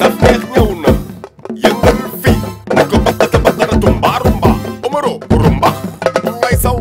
Safees ñëw na yëngal fii nañ ko batata batata tumba rumba Omaro rumba way saw